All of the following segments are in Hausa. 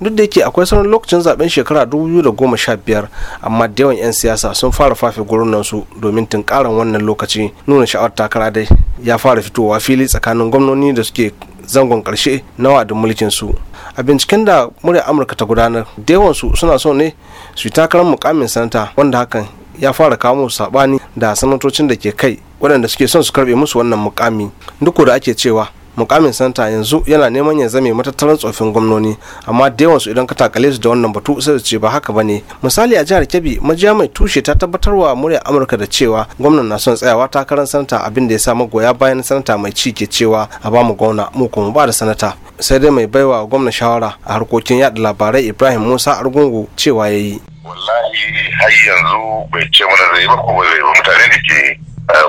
duk da yake akwai sauran lokacin zaben shekara 2015 amma da yawan 'yan siyasa sun fara fafe gurunan su domin tunkaran wannan lokaci nuna sha'awar takara dai ya fara fitowa fili tsakanin gwamnoni da suke zangon karshe na wadin mulkin su a binciken da murya amurka ta gudanar da yawan su suna so ne su yi takarar mukamin sanata wanda hakan ya fara kamo sabani da sanatocin da ke kai waɗanda suke son su karbe musu wannan mukami duk da ake cewa mukamin santa yanzu yana neman ya zame matattaran tsofin gwamnoni amma da yawansu idan ka takale su da wannan batu sai su ce ba haka ba ne misali a jihar kebbi majiya mai tushe ta tabbatarwa murya amurka da cewa gwamnan na son tsayawa takarar santa abin da ya sa magoya bayan sanata mai ci ke cewa a ba mu gwamna mu kuma ba da sanata sai dai mai baiwa gwamna shawara a harkokin yada labarai ibrahim musa argungu cewa ya yi wallahi har yanzu bai ce mana zai ba ko ba zai ba mutane da ke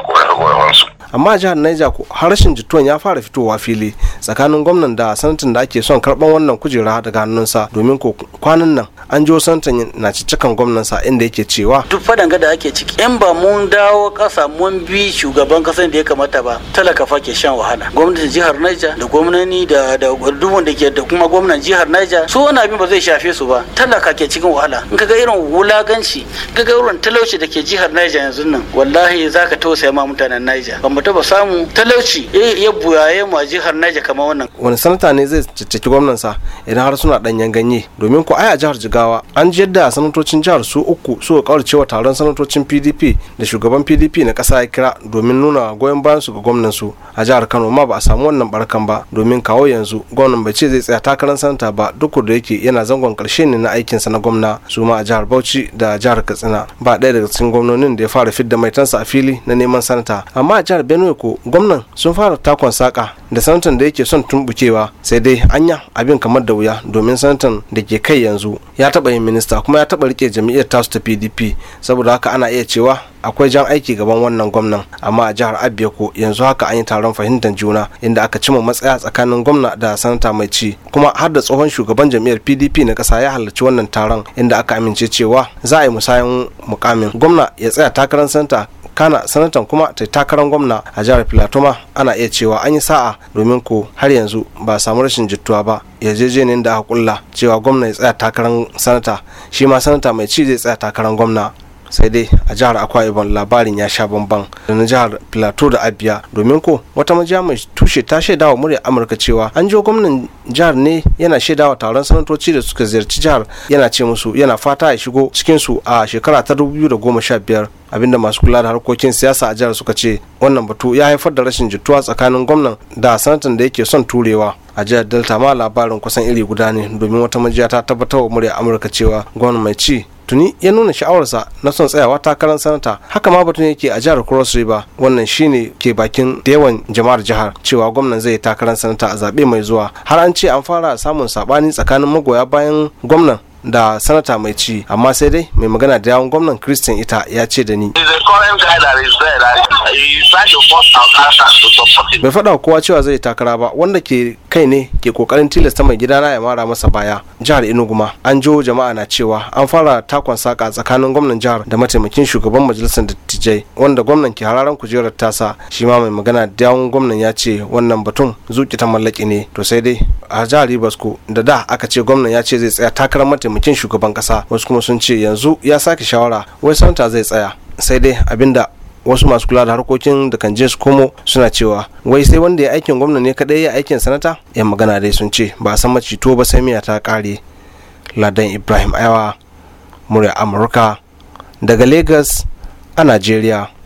korafe eh, korafen amma jihar Niger ko harshen jituwan ya fara fitowa fili tsakanin gwamnan da sanatan da ake son karban wannan kujera daga hannunsa domin kwanan nan an jo santa na cikin gwamnansa inda yake cewa duk fadan da ake ciki in ba mun dawo kasa mun bi shugaban kasan da ya kamata ba talaka fa ke shan wahala gwamnatin jihar Niger da gwamnani da da da ke da kuma gwamnan jihar Niger su wani abin ba zai shafe su ba talaka ke cikin wahala in kaga irin wulaganci kaga irin talauci da ke jihar Niger yanzu nan wallahi zaka tausaya ma mutanen Niger ba mu taba samu talauci ya buyaye ma jihar Niger kamar wannan wani sanata ne zai cicciki gwamnansa idan har suna danyen ganye domin ko ai a jihar gaggawa an yadda sanatocin jihar su uku suka wa taron sanatocin pdp da shugaban pdp na kasa ya kira domin nuna goyon bayan su ga gwamnan su a jihar kano ma ba a samu wannan barkan ba domin kawo yanzu gwamnan bai ce zai tsaya takarar sanata ba duk da yake yana zangon karshe ne na aikin sa na gwamna su ma a jihar bauchi da jihar katsina ba ɗaya daga cikin gwamnonin da ya fara fidda mai tansa a fili na neman sanata amma a jihar benue ko gwamnan sun fara takon saka da sanatan da yake son tumbukewa sai dai anya abin kamar da wuya domin sanatan da ke kai yanzu ya ya taba yin minista kuma ya taba rike jam'iyyar tasu ta pdp saboda haka ana iya cewa akwai jan aiki gaban wannan gwamnan amma a jihar abia ko yanzu haka an yi taron fahimtar juna inda aka cima matsaya tsakanin gwamna da sanata mai ci kuma har da tsohon shugaban jam'iyyar pdp na kasa ya halarci wannan taron inda aka amince cewa za a yi musayan mukamin gwamna ya tsaya takarar sanata kana sanatan kuma ta takarar gwamna a jihar filatoma ana iya cewa an yi sa'a domin ko har yanzu ba samu rashin jittuwa ba yarjejeniyar da aka kulla cewa gwamna ya tsaya takarar sanata shi ma sanata mai ci zai tsaya takarar gwamna sai dai a jihar akwa ibom labarin ya sha bamban da na jihar plateau da abia domin ko wata majiya mai tushe ta shaidawa murya amurka cewa an jo gwamnan jihar ne yana shaidawa taron sanatoci da suka ziyarci jihar yana ce musu yana fata ya shigo cikinsu a shekara ta 2015 abinda masu kula da harkokin siyasa a jihar suka ce wannan batu ya haifar da rashin jituwa tsakanin gwamnan da sanatan da yake son turewa a jihar delta ma labarin kusan iri guda ne domin wata majiya ta tabbatar wa murya amurka cewa gwamnan mai ci tuni ya nuna sha'awarsa na son tsayawa takarar sanata haka ma batun yake a jihar cross river wannan shine ke bakin da yawan jama'ar jihar cewa gwamnan zai takarar sanata a zaɓe mai zuwa har an ce an fara samun saɓani tsakanin magoya bayan gwamnan da sanata mai ci amma sai dai mai magana da yawon gwamnan christian ita ya ce da ni current guy that is there, that trying to force our to support him. Bai faɗa kowa cewa zai takara ba, wanda ke kai ne ke kokarin tilasta mai gidana ya mara masa baya. Jihar enuguma an jo jama'a na cewa an fara takon saka tsakanin gwamnan jihar da mataimakin shugaban majalisar dattijai wanda gwamnan ke hararan kujerar tasa shi ma mai magana da yawun gwamnan ya ce wannan batun zuki ta mallaki ne to sai dai a jihar Ibasko da da aka ce gwamnan ya ce zai tsaya takarar mataimakin shugaban kasa wasu kuma sun ce yanzu ya sake shawara wai santa zai tsaya sai dai abinda wasu masu kula da harkokin da kan je su komo suna cewa wai sai wanda ya aikin gwamna ne kadai ya aikin sanata yan magana dai sun ce ba san to ba sai miya ta kare ladan ibrahim ayawa murya amurka daga lagos a najeriya